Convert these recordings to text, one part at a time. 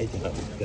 Eddie.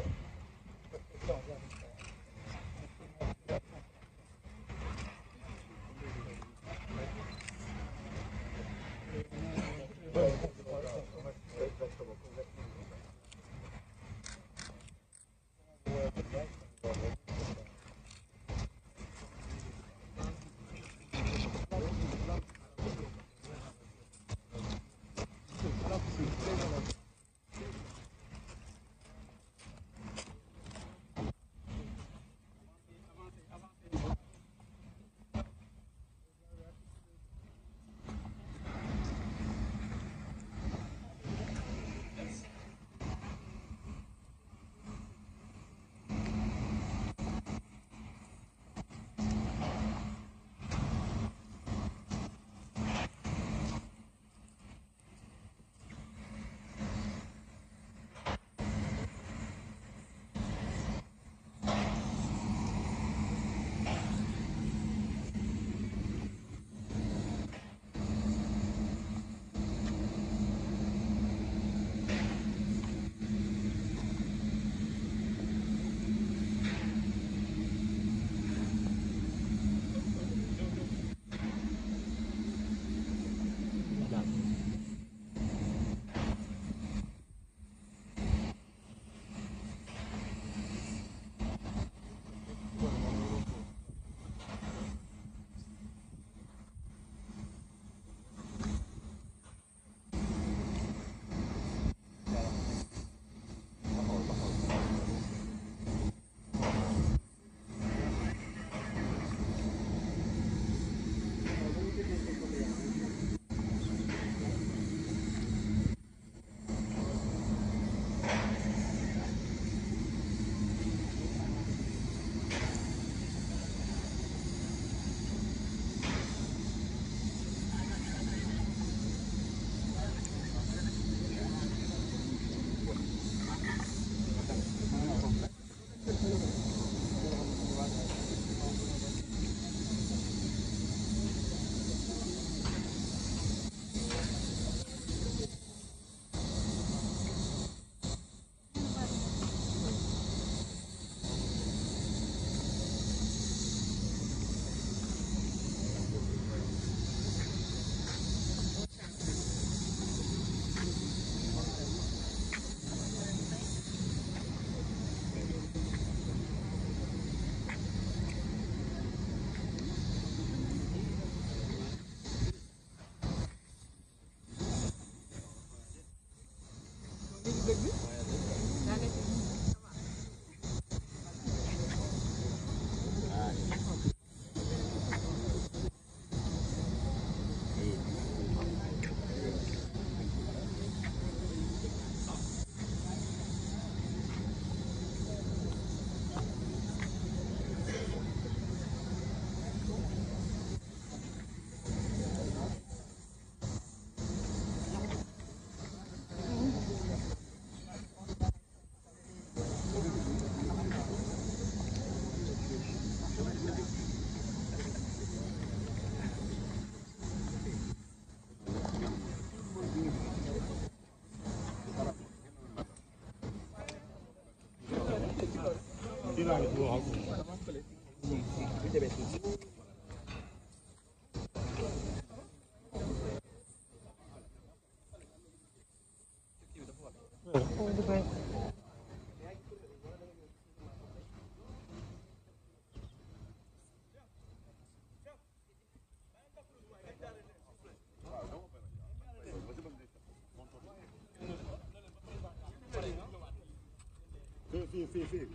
fii fii fii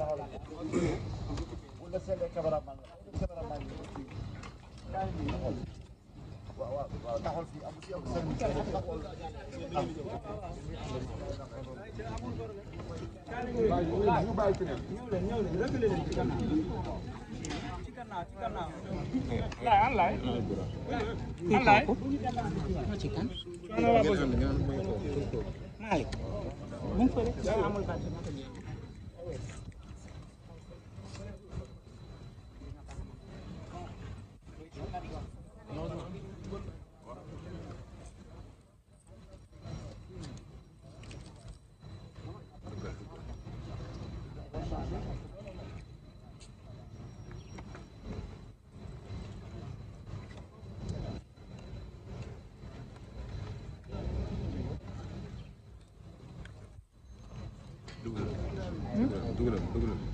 taxawal bu la seetlee cameraman la cameraman yi waaw waaw taxawal fii am si am seen. dëgg la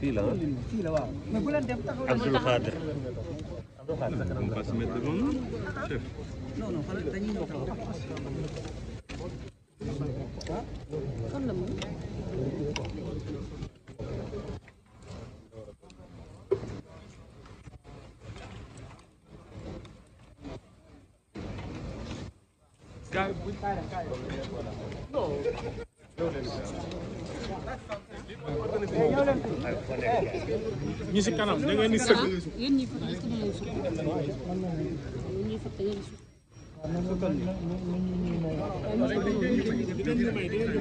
fii la fii la waaw mais bu leen dem taxaw Abdou Khadir Abdou Khadir on va se mettre devant nous chef non non dañuy gars yi buñ. non. ñi si kanam da ngeen di sëg. yéen ñii fàttali est-ce que dangay sukk. yéen ñii fàttali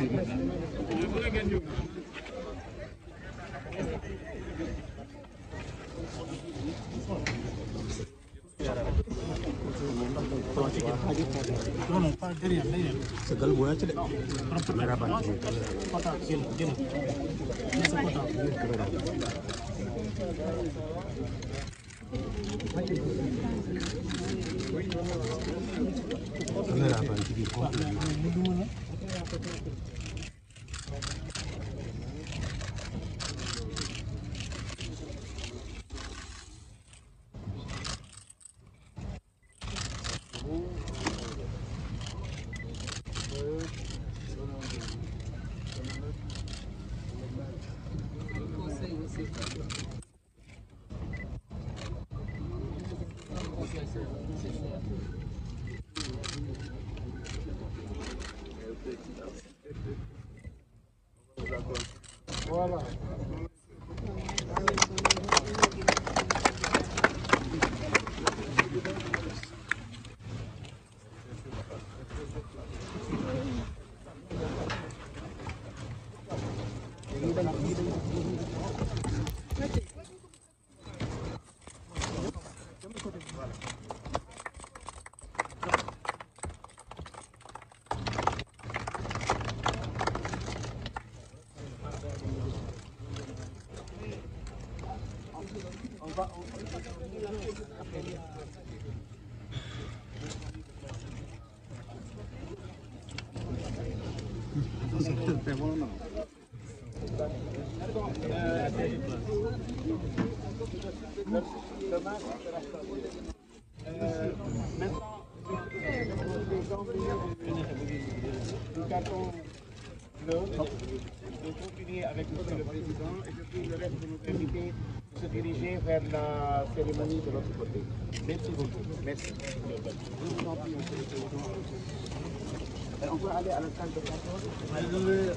ngeen di sukk. ñu may non non pas derrière derrière. sa gal bu wàcc de. caméra baa ngi jël jël sa portable. caméra baa ngi ci biir Eyvallah. donc nous gardons le de continuer avec Monsieur le Président et je prie le reste de nos invités de se diriger vers la cérémonie de l'autre côté. Merci beaucoup. Merci. Je vous en prie, Monsieur le Président. On peut aller à la salle de parole.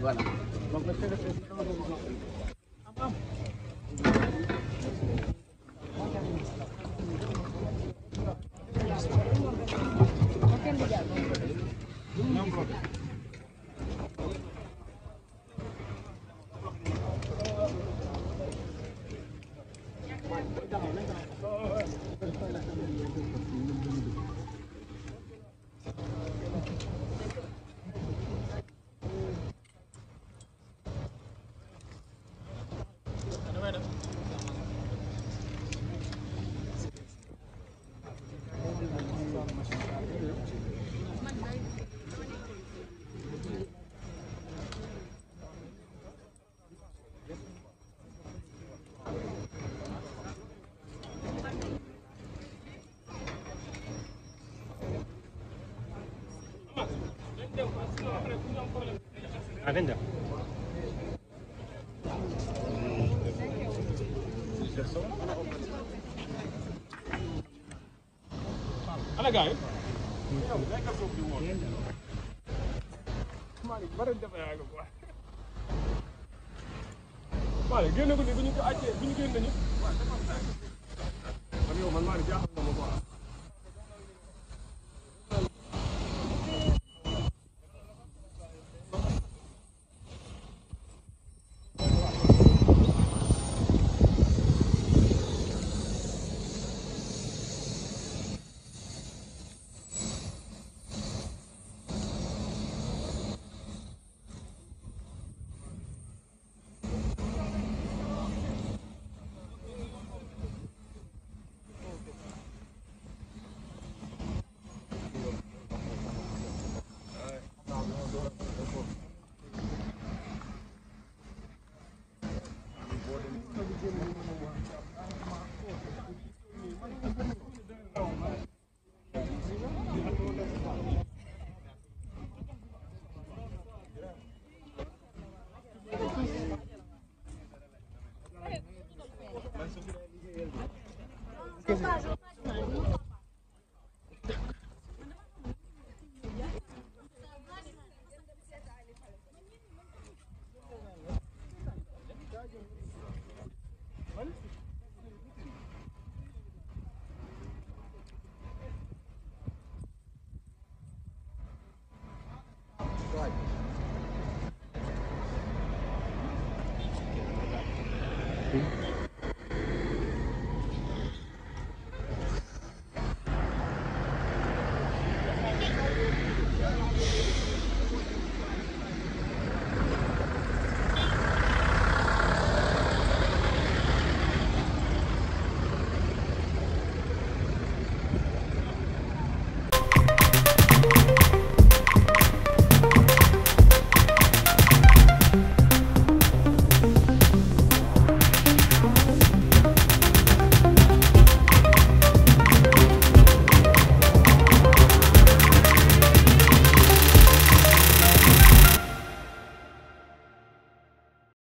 Voilà. Donc, Monsieur le Président, je vous en prie. Avem de. Ana gaay. Malik bari dafa yaa ngi wax. Malik génn ko ni bu ñu ko àccee bu ñu génn ñu. Waaw dafa am. Man yow man Malik jaaxal na ma quoi. Voilà.